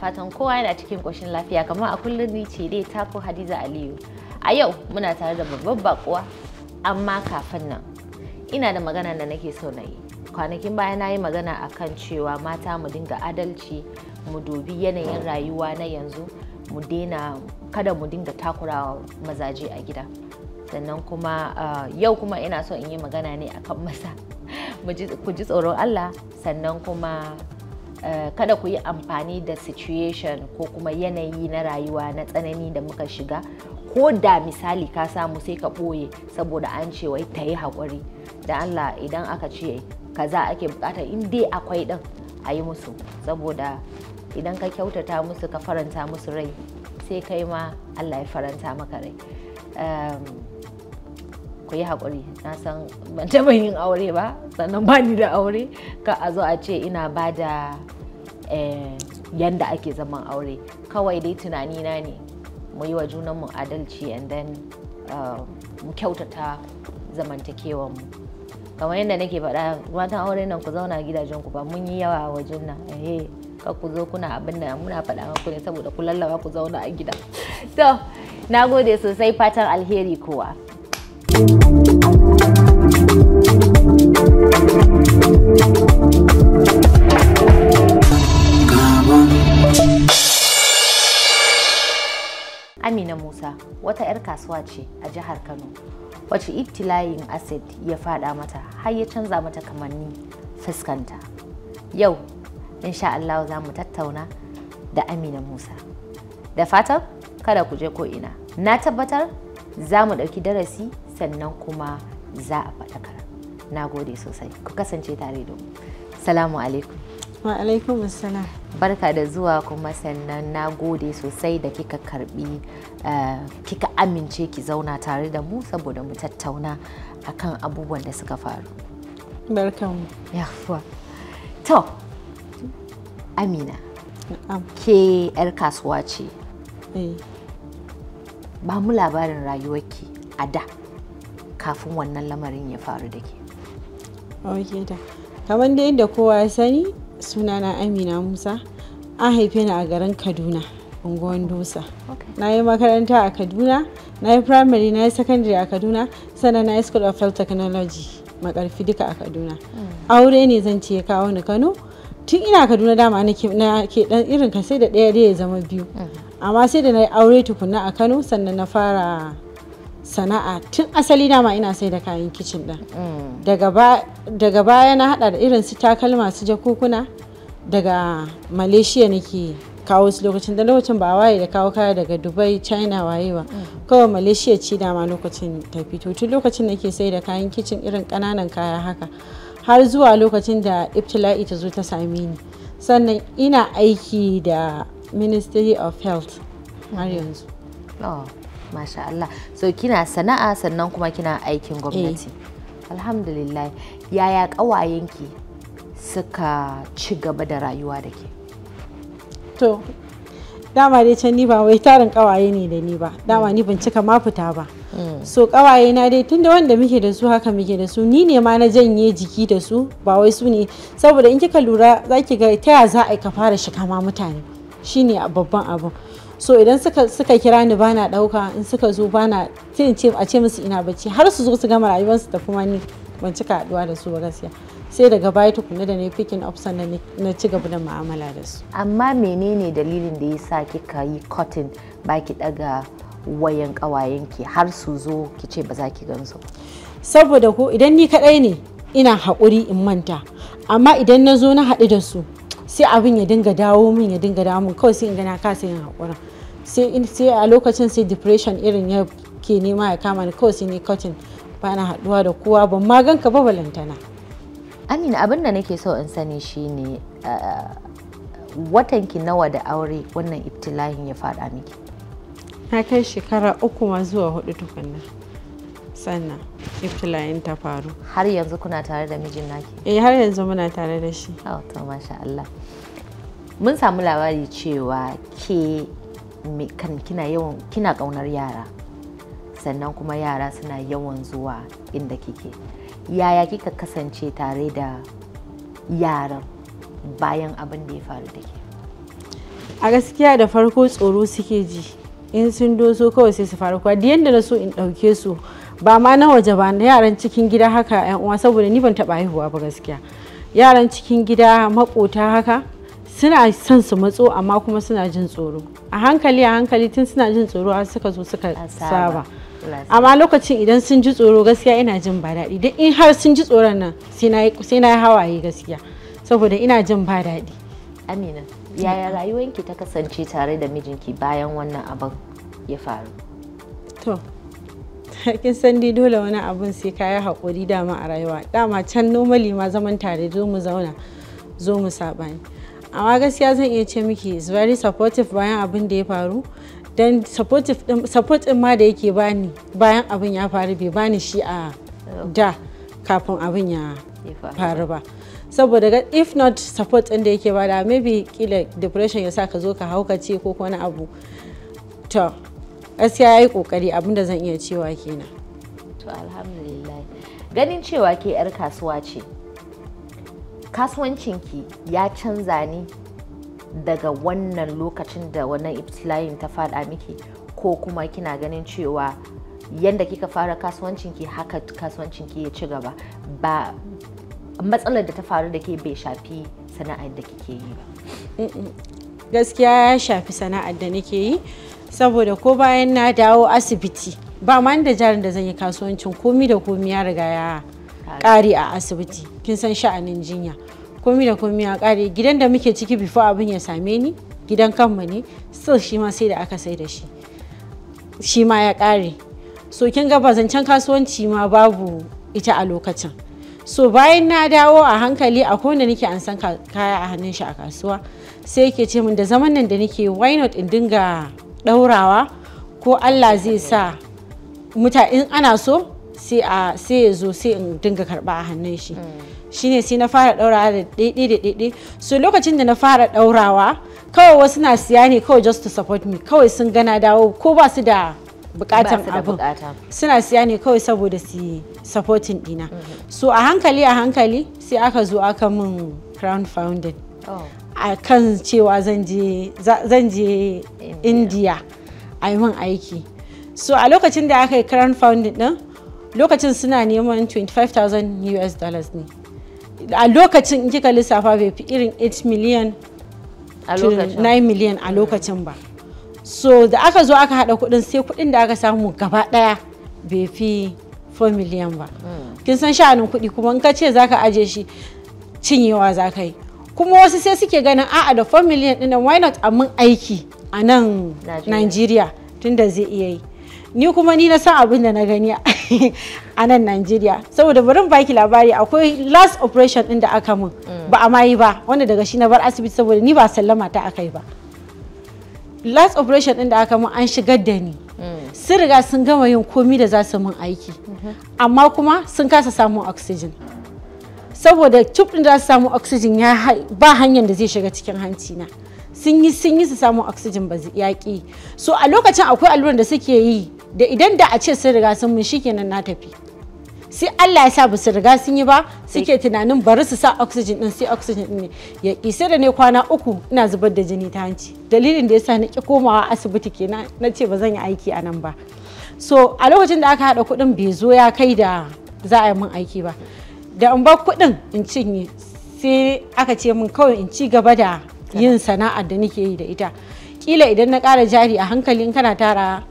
fatan kowa yana cikin ƙoshin lafiya kamar a kullum ni ce dai tako Hadiza Aliyu. A yau muna tare da babban bakuwa amma kafin nan ina da magana da nake so na yi. Kwanakin baya na yi magana akan cewa mata mu dinga adalci mu dubi yanayin rayuwa na yanzu mu daina kada mu dinga takurawa mazaje a gida. sannan kuma yau kuma ina so in yi magana ne akan masa ku ji tsoron Allah sannan kuma Eh, kada ku yi amfani da situation ko kuma yanayi na rayuwa na tsanani da muka shiga ko da misali ka samu sai ka ɓoye saboda an ce wai ta yi haƙuri da allah idan aka ce kaza ake bukata in dai akwai ɗin a yi musu saboda idan ka kyautata musu ka faranta musu rai sai kai ma allah ya faranta maka rai ehm, ku yi haƙuri na san ban taɓa yin aure ba sannan ba ni da aure ka a zo a ce ina ba da eh, yanda ake zaman aure kawai dai tunani na ne mu yi wa junanmu adalci and then um, mu kyautata zamantakewan mu kamar yadda nake faɗa matan aure nan ku zauna gidajen ku ba mun yi yawa a wajen nan eh ka ku zo kuna abin da muna faɗa ku ne saboda ku lallaba ku zauna a gida to na gode sosai fatan alheri kowa Amina Musa wata 'yar kasuwa ce a jihar Kano wacce ibtilayin acid ya fada mata har ya canza mata kamanni fuskanta. Yau, insha Allah za mu tattauna da Amina Musa. Da fatan kada ku je ko ina. Na tabbatar za mu ɗauki darasi sannan kuma za a faɗakar. na gode sosai ku kasance tare da mu salamu alaikum wa alaikum assalam barka da zuwa kuma sannan na gode sosai da kika karbi eh, kika amince ki zauna tare da mu saboda mu tattauna akan abubuwan da suka faru Ya yafuwa to amina ke 'yar kasuwa ce eh. ba mu labarin rayuwarki a da kafin wannan lamarin ya faru da ke ta kamar da yadda kowa ya sani sunana amina musa an haife ni a garin kaduna unguwan dusa na yi makaranta a kaduna na yi primary na yi secondary a kaduna sannan na yi school of health technology makarfi duka a kaduna hmm. aure ne zan ce kawo ni kano tun ina kaduna dama na ke dan irin ka sai da ɗaya ya zama biyu hmm. amma sai da na yi aure tukuna a kano sannan na fara sana'a tun asali dama ina sai da kayan kicin ɗin mm. daga baya na haɗa da irin su takalma su jakukuna daga malaysia nake kawo su lokacin da lokacin ba waye da kawo kaya daga dubai china wayewa. ba mm. kawai malaysia ci dama lokacin ta fito tun lokacin nake sai da kayan kicin irin kananan kaya haka har zuwa lokacin da iftila'i ta zo ta same ni sannan ina aiki da ministry of health har mm. yanzu ah. masha Allah so kina sana'a sannan kuma kina aikin eh. gwamnati alhamdulillah yaya ƙawayenki suka ci gaba da rayuwa da ke to dama dai can ni ba wai tarin kawaye ne da ni ba dama mm. ni ban cika ma fita ba mm. so ƙawaye na dai tunda wanda muke da su haka muke da su ni ne ma na janye jiki da su ba wai su ne saboda in kika lura zaki ga ta za a yi ka fara shiga ma mutane shi ne babban abu so idan suka kira ni bana dauka in suka zo bana ce a ce musu ina bacci har su zo su gama rayuwarsu da kuma ni ban cika haduwa da su ba gaskiya sai daga baya tukuna da ne picking up sannan na ci gaba da mu'amala da su amma menene dalilin da ya sa kika yi cotton ba ki daga wayan kawayenki har su zo ki ce ba za ki gansu saboda ko idan ni kadai ne ina haƙuri in manta amma idan na zo na haɗu da su sai abin ya dinga dawo min ya dinga dawo min kawai sai in gana kasa yin haƙura sai a lokacin sai depression irin ya ke nema ya kama ni kawai sai ni cotton ba na haɗuwa da kowa ban ma ganka ba balantana amina abin da nake so in sani shine eh, watan ki nawa da aure wannan ibtilahin ya faɗa miki na kai shekara uku ma zuwa hudu tukunna sannan iftila'in ta faru har yanzu kuna tare da mijin naki eh har yanzu muna tare da shi oh, masha Allah mun samu labari cewa ke kan kina yawan kina kaunar yara sannan kuma yara suna yawan zuwa inda kike yaya kika kasance tare da yaran bayan abin da ya faru da ke a gaskiya da farko tsoro suke ji in sun doso kawai sai su faru kwa da yadda na so in ɗauke su ba ma na waje ba na yaran cikin gida haka yan uwa saboda ni ban taba haihuwa ba gaskiya yaran cikin gida makota haka suna son su matso amma kuma suna jin tsoro a hankali a hankali tun suna jin tsoro har suka zo suka saba amma lokacin idan sun ji tsoro gaskiya ina jin ba daɗi duk in har sun ji tsoron nan sai na yi hawaye gaskiya saboda ina jin ba daɗi amina yaya rayuwanki ta kasance tare da mijinki bayan wannan abin ya faru to kin san dai dole wani abun sai kayi hakuri haƙuri dama a rayuwa dama can normally ma zaman tare zo mu zauna zo mu saɓani amma gaskiya zan iya ce miki is very supportive bayan abin da ya faru don support din ma da yake bani bayan abin ya faru bai bani shi a da kafin abin ya faru ba saboda if not support din da yake bada maybe kila depression ya sa ka zo ka ce ko wani abu to gaskiya yayi kokari abinda zan iya cewa kenan to alhamdulillah ganin cewa ke yar kasuwa ce kasuwancinki ya canza ni daga wannan lokacin da wannan ibtilayin ta faɗa miki ko kuma kina ganin cewa yadda kika fara kasuwancinki haka kasuwancinki ya ci gaba ba matsalar da ta faru da ke bai shafi sana'ar da kike yi ba gaskiya ya shafi sana'ar da nake yi saboda ko bayan na dawo asibiti ba ma da jarin da zan yi kasuwancin komi da komi ya riga ya kare a asibiti kin san sha'anin jinya komi da komi ya kare gidan da muke ciki bifo abin ya same ni gidan kanmu ne still shi ma sai da aka sai da shi shi ma ya kare. so kin ga ba zancen kasuwanci ma babu ita a lokacin so bayan na dawo a hankali a kowanne nake an san kaya a hannun shi a kasuwa sai yake ce min da zaman nan da nake why not in dinga ɗaurawa ko allah zai sa muta in ana so sai a sai ya zo sai in dinga karba a hannun shi mm. shine sai na fara daurawa da daidai da daidai so lokacin da na fara daurawa kawai wasu na siya ne kawai just to support me kawai sun gana dawo ko ba su da bukatan abu suna siya ne kawai saboda su supporting dina mm-hmm. so a hankali a hankali sai aka zo aka min crown founding oh. a kan cewa zan je India a yi min aiki so a lokacin da aka yi crown founding din lokacin suna neman 25,000 us dollars ne a lokacin kika lissafa bai fi irin 8 million to 9 million a lokacin ba so da aka zo aka hada kudin sai kudin da aka samu gaba daya bai fi 4 million ba hmm. kin san sha'anin kudi kuma in ka ce zaka aje shi cinyewa za ka yi kuma wasu sai suke ganin a'a da 4 miliyan ɗin why not a mun aiki a nan Najeriya tunda zai iya yi ni kuma ni na san abin da na gani a nan Najeriya saboda barin baki labari akwai last operation din da aka mun mm. ba a mayi ba wanda daga shi na bar asibiti saboda ni ba sallama ta yi ba last operation din da aka mun an shigar da ni mm. sun riga sun gama yin komi da za su mun aiki mm-hmm. amma kuma sun kasa samun oxygen saboda tub din da su samu oxygen ya ba hanyar da zai shiga cikin hanci na sun yi sun yi su samu oxygen ba ya ki so a lokacin akwai alluran da suke yi da idan da a ce sun riga sun mun shikenan na tafi sai Allah ya sa ba su riga sun yi ba suke tunanin bari su sa oxygen din sai oxygen din ne ya ki sai da ne kwana uku ina zubar da jini ta hanci dalilin da yasa na ki komawa asibiti kenan na ce ba zan yi aiki a nan ba so a lokacin da aka haɗa kuɗin bai zo ya kai da za a yi mun aiki ba da in ba kuɗin in cinye sai aka ce min kawai in ci gaba da yin sana'ar da nake yi da ita kila idan na ƙara jari a hankali in kana tara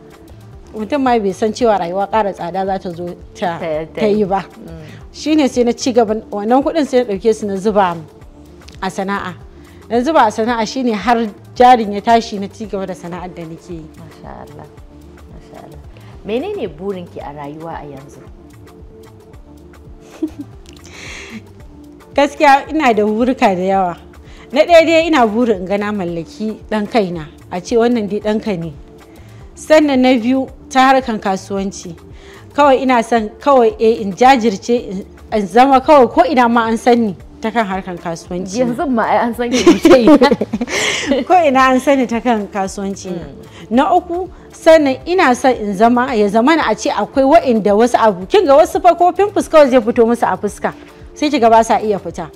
mutum ma bai san cewa rayuwa ƙara tsada za ta zo ta yi ba wanan mm. sai na ci gaba wannan kuɗin sai na ɗauke su na zuba a sana'a na zuba a sana'a shine har jarin ya tashi na ci gaba da sana'ar da nake yi menene burinki a rayuwa a yanzu gaskiya ina da burika da yawa na ɗaya dai ina burin in ga na mallaki ɗan kaina a ce wannan dai ɗanka ne sannan na biyu ta harkan kasuwanci kawai ina son kawai a eh, in jajirce in zama kawai ko ina ma an sani ta kan harkan kasuwanci yanzu ma ai an sani ko ina an sani ta kan kasuwanci mm. na uku sannan ina son in zama ya zama a ce akwai wa'inda wasu abu kin ga wasu fa ko pimples kawai zai fito musu a fuska sai kiga ba sa iya fita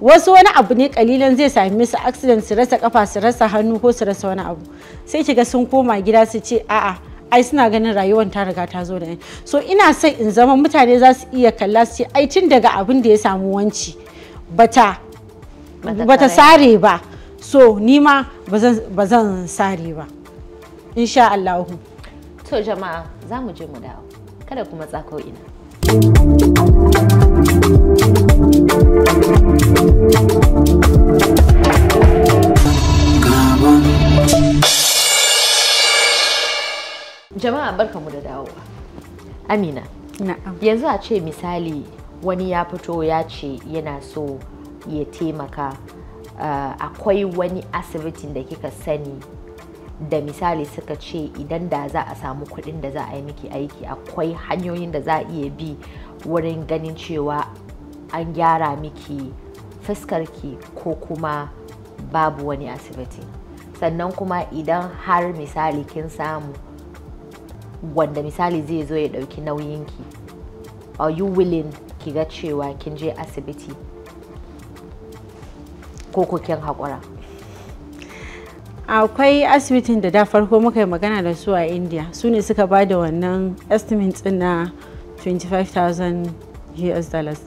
wasu wani abu ne kalilan zai sami su accident su rasa kafa su rasa hannu ko su rasa wani abu sai kiga sun koma gida su ce a'a ai suna ganin rayuwar ta riga ta zo da so ina son in zama mutane za su iya kalla su ce ai tun daga abin da ya samu wanci bata bata sare ba so ni ma ba zan sare ba insha Allah to jama'a za mu je mu dawo kada kuma tsako ina jama'a barkamu da dawowa amina yanzu a ce misali wani ya fito ya ce yana so ya taimaka uh, akwai wani asibitin da kika sani da misali suka ce idan da za a samu kuɗin da za a yi miki aiki akwai hanyoyin da za a iya bi wurin ganin cewa an gyara miki fuskarki ko kuma babu wani asibiti sannan kuma idan har misali kin samu wanda misali zai zo ya ɗauki nauyinki are you willing ki ga cewa kin je asibiti ko kukin haƙura akwai asibitin da da farko muka yi magana da su a india su ne suka ba da wannan estimates na 25,000 us dollars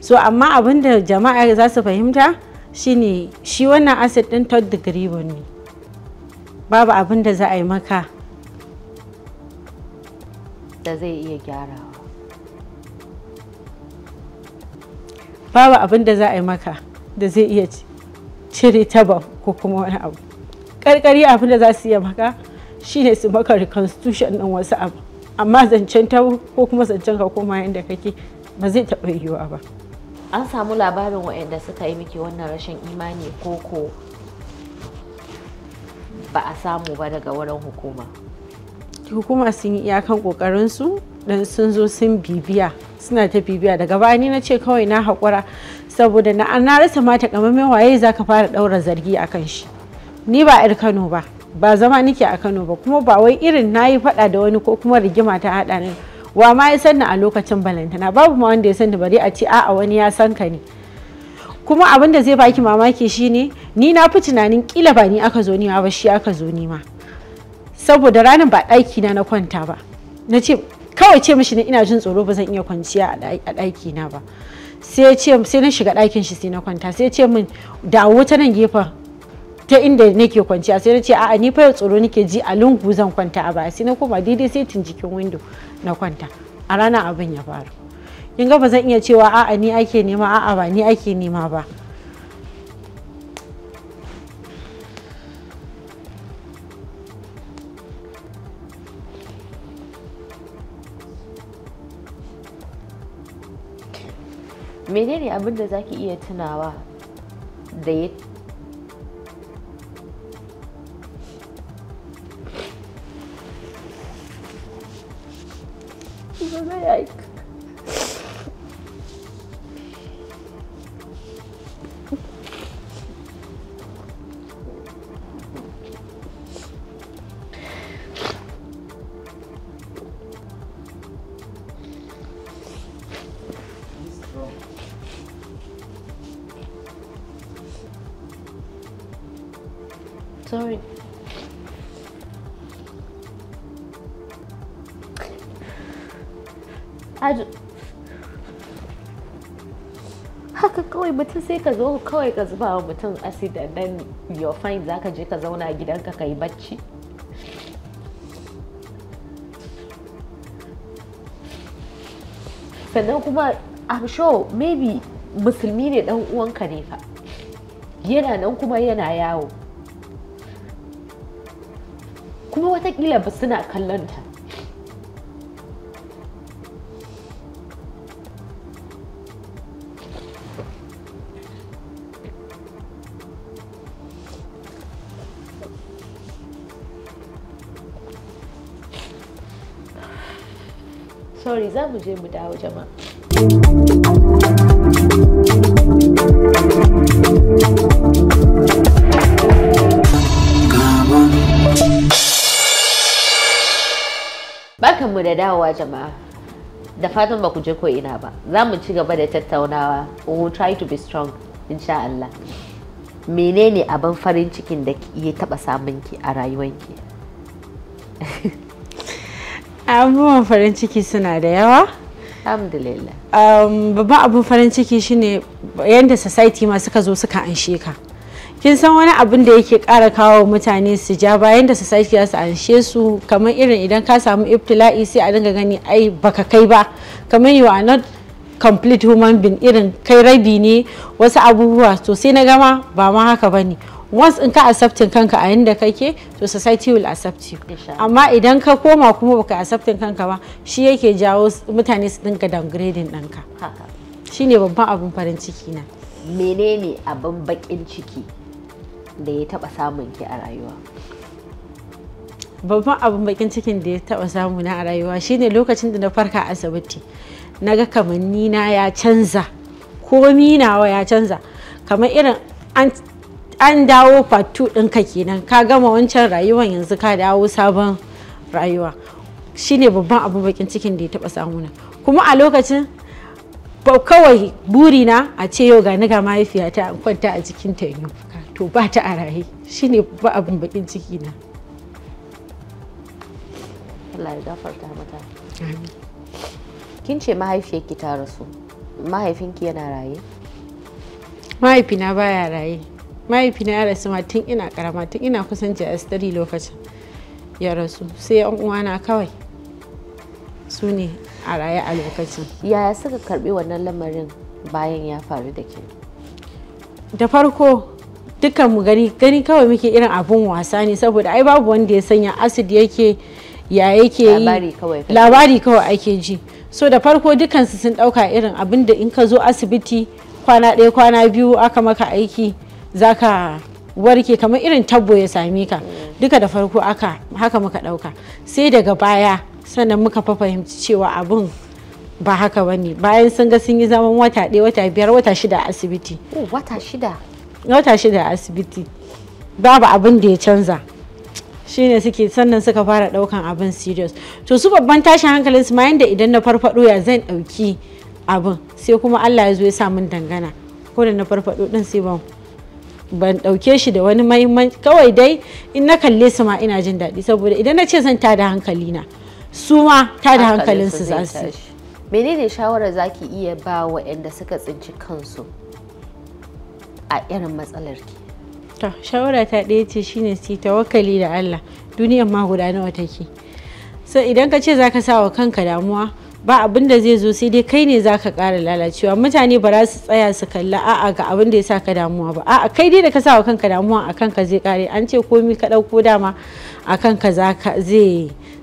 so amma abin da jama'a za su fahimta shine shi wannan asset din third degree ne babu abin da za a yi maka da zai iya gyarawa babu abin da za a yi maka da zai iya cire taba ko kuma wani abu karkari abin da za su iya maka shine su maka reconstitution din wasu abu amma zancen ta ko kuma zancen ka koma yadda kake ba zai taɓa yiwuwa ba. an samu labarin waɗanda suka yi miki wannan rashin imani ko ko ba a samu ba daga wurin hukuma hukuma sun yi iyakan ƙoƙarinsu dan sun zo sun bibiya suna ta bibiya daga baya ni na ce kawai na haƙura saboda na an rasa mata kamar waye zaka fara ɗaura zargi a kan shi ni ba 'yar kano ba ba zama nike a kano ba kuma ba wai irin na yi faɗa da wani ko kuma rigima ta haɗa ni wa ma ya sanni a lokacin balantana babu ma wanda ya sanni bari a ce a'a wani ya san ka ne kuma abin da zai baki mamaki shine ni na fi tunanin kila ba ni aka zo ni ba shi aka zo ni ma saboda ranar ba ɗaki na na kwanta ba na ce kawai ce mishi ina jin tsoro ba zan iya kwanciya a ɗaki na ba sai ce sai na shiga ɗakin shi sai na kwanta sai ce min da wuta nan gefen ta inda nake kwanciya sai na ce a'a ni fa tsoro nake ji a lungu zan kwanta a baya sai na koma daidai sai tun jikin windo na kwanta a rana abin ya faru kin ga ba zan iya cewa a'a ni ake nema a'a ba ni ake nema ba menene abin da zaki iya tunawa da ya give him a like. Sorry. aji haka kawai mutum sai ka zo kawai ka zuba wa mutum acid and then your fine za ka je ka zauna gidanka ka yi bacci sannan kuma i'm sure maybe musulmi ne dan uwanka ne fa yana nan kuma yana yawo kuma watakila ba suna kallon ta sorry za mu je mu dawo jama'a mu da dawowa jama'a. Da fatan ba ku je ko ina ba. Za mu ci gaba da tattaunawa. We will try to be strong, insha Allah. Menene abin farin cikin da ya taba samun ki a rayuwanki? abubuwan farin ciki suna da yawa um, babban abun farin ciki shine yadda society ma suka zo suka anshe ka kin san wani abin da yake kara kawo mutane su ja bayan da society za su anshe su kamar irin idan ka samu iftila'i sai a dinga gani ai baka kai ba kamar you are not complete human being irin kai rabi ne wasu abubuwa to sai na gama ba ma haka bane once in ka accepting kanka a inda kake to society will accept you amma idan ka koma kuma baka accepting kanka ba shi yake jawo mutane su dinka downgrading Shi shine babban abin farin ciki na menene abin bakin ciki da ya taba samun ki a rayuwa babban abin bakin cikin da ya taba samu na a rayuwa shine lokacin da na farka asibiti na ga kamanni na ya canza komi nawa ya canza kamar irin an an dawo fatu ɗinka kenan ka gama wancan rayuwar yanzu ka dawo sabon rayuwa shine babban abin bakin cikin da ya taɓa na kuma a lokacin kawai burina a ce yau ga mahaifiyata an kwanta a cikin ta to ba ta a raye shine ba abin bakin ciki na Allah ya gafarta mata kin ce mahaifiyarki ta rasu mahaifinki yana raye mahaifina baya raye mahaifina ya rasu ma tun ina karama tun ina kusan js3 lokacin ya rasu sai yan uwana kawai su ne a raye a lokacin yaya suka karbi wannan lamarin bayan ya faru da ke da farko dukkan mu gani gani kawai muke irin abun wasa ne saboda ai babu wanda ya sanya acid yake ya yake yi labari kawai ake ji so da farko dukansu sun dauka irin abin da in ka zo asibiti kwana ɗaya kwana biyu aka maka aiki zaka warke kamar irin tabbo ya same ka duka da farko aka haka muka dauka sai daga baya sannan muka fa fahimci cewa abun ba haka bane bayan sun ga sun yi zaman wata ɗaya wata biyar wata shida a asibiti wata shida wata shida a asibiti babu abin da ya canza shine suke sannan suka fara daukan abin serious to su babban tashin hankalin su ma yanda idan na farfado ya zan dauki abin sai kuma Allah ya zo ya sa min dangana ko da na farfado din sai ban ban ɗauke shi da wani mahimmanci kawai dai in na kalle su ma ina jin daɗi saboda idan na ce zan ta da hankali na su ma ta da su za su menene shawara za ki iya ba waɗanda suka tsinci kansu a irin matsalar ki to shawara ta ɗaya ce shine su tawakkali da Allah duniyar ma guda nawa take so idan ka ce zaka sa wa kanka damuwa ba abin da zai zo sai dai kai ne za ka ƙara lalacewa mutane ba za su tsaya su kalla a'a ga abin da ya sa ka damuwa ba a'a kai dai da ka sa wa kanka damuwa a kanka zai ƙare an ce komi ka ɗauko dama a kanka zai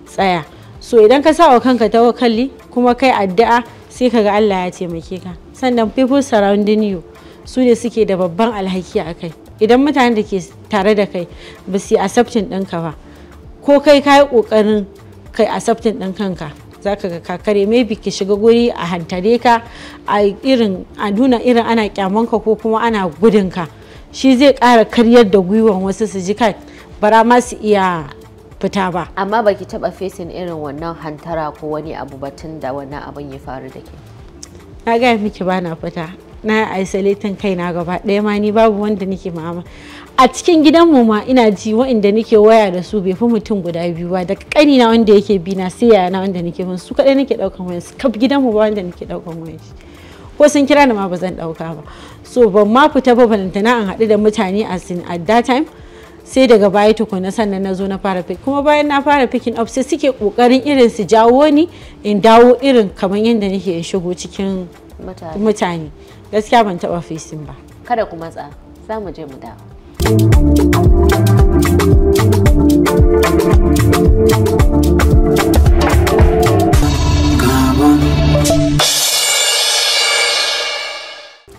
tsaya so idan ka sa wa kanka tawakali kuma kai addu'a sai ka ga Allah ya taimake ka sannan people surrounding you su ne suke da babban alhaki a kai idan mutanen da ke tare da kai ba su yi accepting ɗinka ba ko kai ka yi ƙoƙarin kai accepting ɗin kanka zaka ga kakare maybe ki shiga guri a hantare ka a irin nuna irin ana kyaman ka ko kuma ana gudun ka shi zai kara karyar da gwiwan wasu su ji kai bara ma su iya fita ba amma baki taba fesin irin wannan hantara ko wani abu batun da wannan abin ya faru da ke na gaya miki bana fita na isolating kaina gaba ɗaya ma ni babu wanda nake ma'ama a cikin gidanmu ma ina ji wa'inda nake waya da su bai fi mutum guda biyu ba daga ƙani na wanda yake bi na sai yaya na wanda nake bin su kaɗai nake ɗaukan wayan su kaf gidanmu ba wanda nake ɗaukan wayan shi ko sun kira ni ma ba zan ɗauka ba so ban ma fita ba balantana an haɗu da mutane a sin at that time sai daga baya tukuna sannan na zo na fara pick kuma bayan na fara fikin up sai suke kokarin irin su jawo ni in dawo irin kamar yadda nake in shigo cikin mutane gaskiya ban taɓa fesin ba kada ku matsa za mu je mu dawo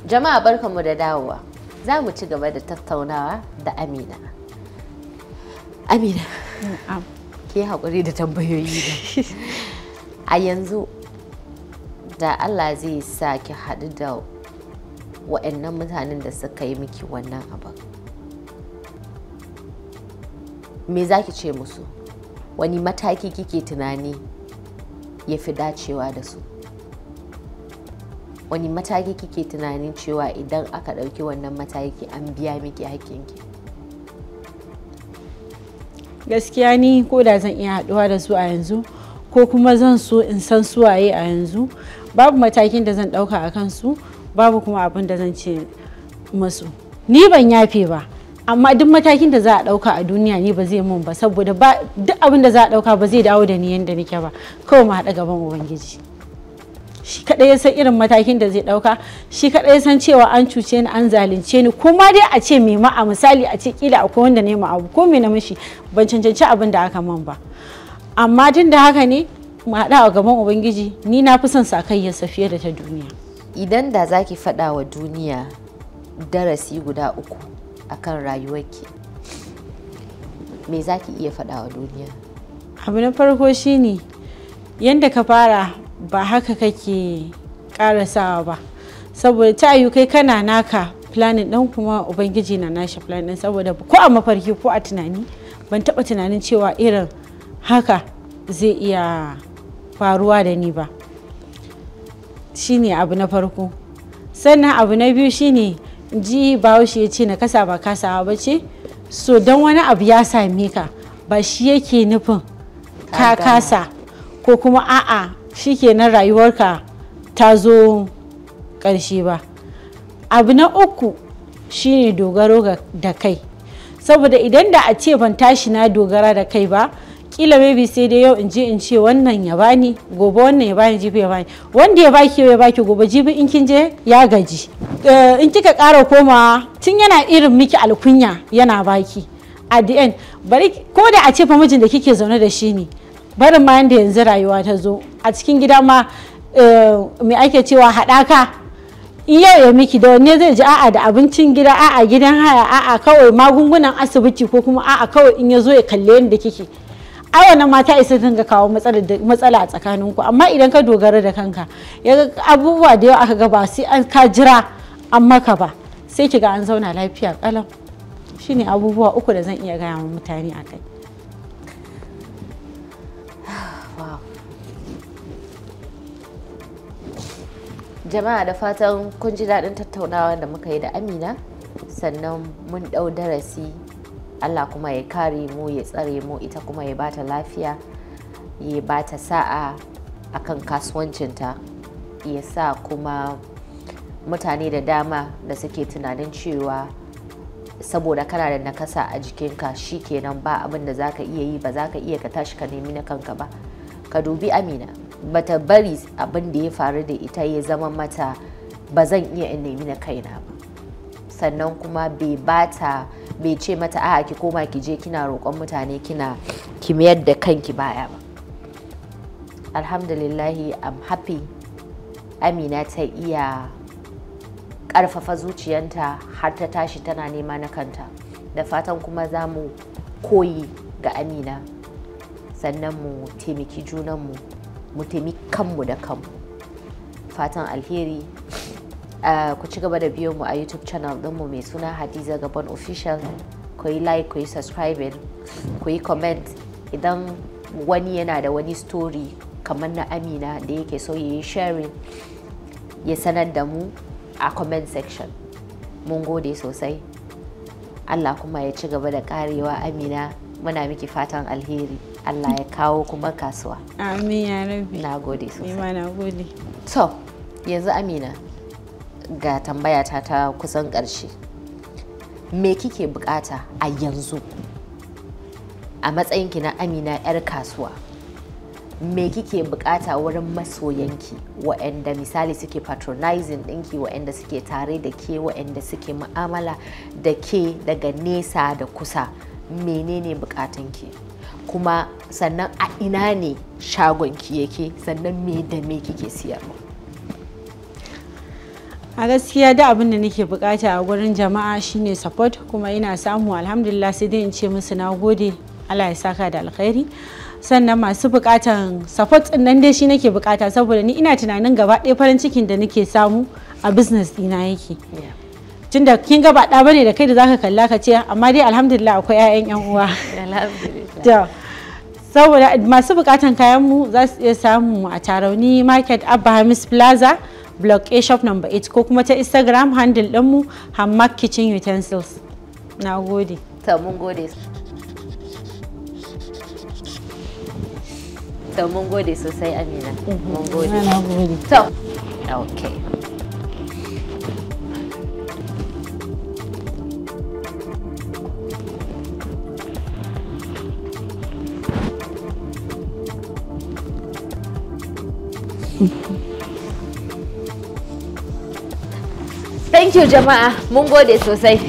jama'a barkanmu da dawowa za mu ci gaba da tattaunawa da amina amina ke haƙuri da tambayoyi da a yanzu da allah zai sa ki haɗu da waɗannan mutanen da suka yi miki wannan abin me za ki ce musu wani mataki kike tunani ya fi dacewa da su wani mataki kike tunanin cewa idan aka ɗauki wannan mataki an biya miki hakinki gaskiya ni ko da zan iya haɗuwa da su a yanzu ko kuma zan so in san suwaye a yanzu babu matakin da zan ɗauka a kansu babu kuma abin da zan ce masu ni ban yafe ba amma duk matakin da za a ɗauka a duniya ni ba zai mun ba saboda duk abin da za a ɗauka ba zai dawo da ni yadda nake ba kawai mu haɗa gaban ubangiji shi kaɗai ya san irin matakin da zai ɗauka shi kaɗai ya san cewa an cuce ni an zalunce ni kuma dai a ce me ma a misali a ce kila akwai wanda ne ma abu ko me na mishi ban cancanci abin da aka mun ba amma tun da haka ne mu haɗa a gaban ubangiji ni na fi son sakayyarsa fiye da ta duniya idan da za ki faɗa wa duniya darasi guda uku akan rayuwarki me za ki iya faɗa wa duniya abu na farko shine yadda ka fara ba haka kake karasawa ba saboda ta kai kana naka planin ɗan kuma ubangiji na nashi planin saboda ko a mafarki ko a tunani ban taɓa tunanin cewa irin haka zai iya faruwa da ni ba shine abu na farko sannan abu na biyu shine ji bahaushe ya ce na kasa ba kasawa ba ce so don wani abu ya same ka ba shi yake nufin ka kasa ko kuma a'a shi kenan rayuwarka ta zo ƙarshe ba abu na uku shine dogaro da kai saboda idan da a ce ban tashi na dogara da kai ba kila maybe sai dai yau in je in ce wannan ya bani gobe wannan ya bani jibi ya bani wanda ya baki ya baki gobe jibi in kin je ya gaji eh, in kika kara koma tun yana irin miki alkunya yana baki at the end bari ko da a ce fa mijin da kike zaune da shi ne barin ma yanda yanzu rayuwa ta zo a cikin gida ma eh, me ake cewa haɗaka iya ya miki da wanne zai ji a'a da abincin gida a'a gidan haya a'a kawai magungunan asibiti ko kuma a'a kawai in ya zo ya kalle yadda kike ai wannan mata isa dinga kawo matsala tsakanin ku amma idan ka dogara da kanka ya abubuwa da yawa aka ga ba sai an ka jira an maka ba sai ki ga an zauna lafiya kalam shine abubuwa uku da zan iya gaya wa mutane a kai jama'a da fatan kun ji daɗin tattaunawa da muka yi da amina sannan mun ɗau darasi allah kuma ya kare mu ya tsare mu ita kuma ya bata lafiya ya bata sa'a a akan kasuwancinta ya sa kuma mutane da dama da suke tunanin cewa saboda kana da nakasa a jikinka shi kenan ba abin da zaka iya yi ba zaka iya ka tashi ka nemi na kanka ba ka dubi amina bata bari abin da ya faru da ita ya zama mata ba zan iya in nemi na kaina ba sannan kuma bai bata bai ce mata a ki koma ki je kina roƙon mutane kina kimiyar da kanki baya ba alhamdulillahi am happy amina ta iya ƙarfafa zuciyanta har ta tashi tana nema na kanta da fatan kuma za mu koyi ga amina sannan mu taimaki junanmu mu taimaki kanmu da kanmu fatan alheri Eh, ku ci gaba da biyo mu a youtube channel mu mai suna hadiza gaban official ku yi like ku yi subscribing ku yi comment idan wani yana da wani story kamar na amina da yake so ya yi sharing ya sanar da mu a comment section mun gode sosai allah kuma ya ci gaba da karewa amina muna miki fatan alheri allah ya kawo kuma kasuwa amin ya rabi na gode sosai na gode so yanzu amina ga tambayata ta kusan ƙarshe me kike bukata a yanzu a matsayinki na amina 'yar kasuwa me kike bukata wurin masoyanki waɗanda misali suke patronizing ɗinki waɗanda suke tare da ke waɗanda suke ma'amala da ke daga nesa da kusa menene bukatanki kuma sannan a ina ne shagonki yake sannan me da me kike siyarwa a gaskiya da abin da nake bukata a gurin jama'a shine support kuma ina samu alhamdulillah sai dai in ce musu na gode allah ya saka da alkhairi sannan masu bukatan support din nan dai shi nake bukata saboda ni ina tunanin gaba ɗaya farin cikin da nake samu a business dina yake tunda kin gaba ɗaya bane da kai da zaka kalla ka ce amma dai alhamdulillah akwai 'ya'yan yan uwa saboda masu bukatan kayan mu za su iya samu a tarauni market abba hamis plaza block a shop number 8 ko kuma ta instagram handle ɗinmu hammak kitchen utensils na gode Ta mun gode Ta mun gode sosai amina mun gode to okay thank you jama'a mun gode sosai